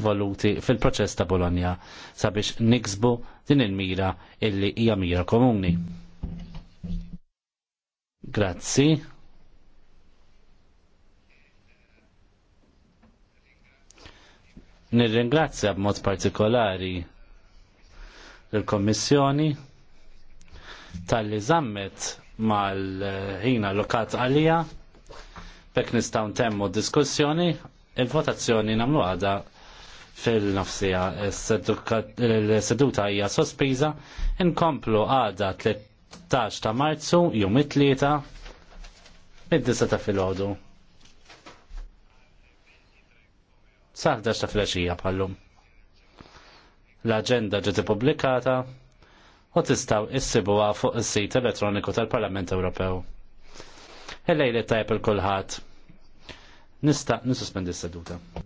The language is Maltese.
voluti fil-proċess ta' Bologna sabiex niksbu din il-mira illi hija mira komuni. Grazzi. Nirringrazzja b'mod partikolari l-Kommissjoni tal-li zammet mal-ħina lokat għalija bekk nistaw temmu diskussjoni il-votazzjoni namlu għada fil-nofsija. S-seduta hija sospiża, inkomplu għada 13 ta' marzu, jum it-tlieta, mid-disa ta' filgħodu. Sa' 11 ta' filgħaxija bħallum. L-agenda ġiet ippubblikata u tistgħu issibuha fuq is-sit elettroniku tal-Parlament Ewropew. Ellejli tajb il-kulħadd. Nista' nisuspendi s-seduta.